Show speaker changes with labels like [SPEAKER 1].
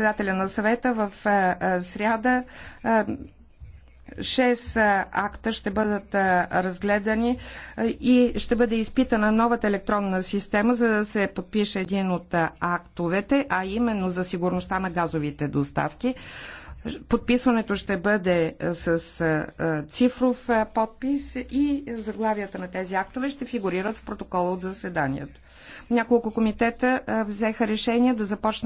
[SPEAKER 1] председателя на съвета в е, е, сряда. Е, шест акта ще бъдат разгледани и ще бъде изпитана новата електронна система, за да се подпише един от актовете, а именно за сигурността на газовите доставки. Подписването ще бъде с цифров подпис и заглавията на тези актове ще фигурират в протокола от заседанието. Няколко комитета взеха решение да започнат